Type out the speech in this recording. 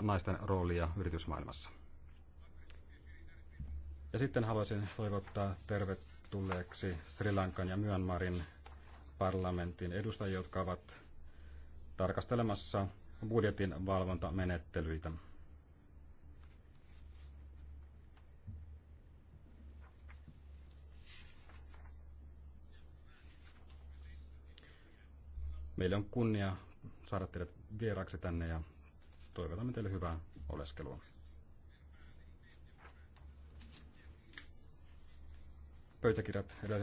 naisten roolia yritysmaailmassa. Ja sitten haluaisin toivottaa tervetulleeksi Sri Lankan ja Myanmarin parlamentin edustajia, jotka ovat tarkastelemassa budjetin valvontamenettelyitä. Meillä on kunnia saada teidät vieraaksi tänne ja toivotamme teille hyvää oleskelua. Pöytäkirjat edellä.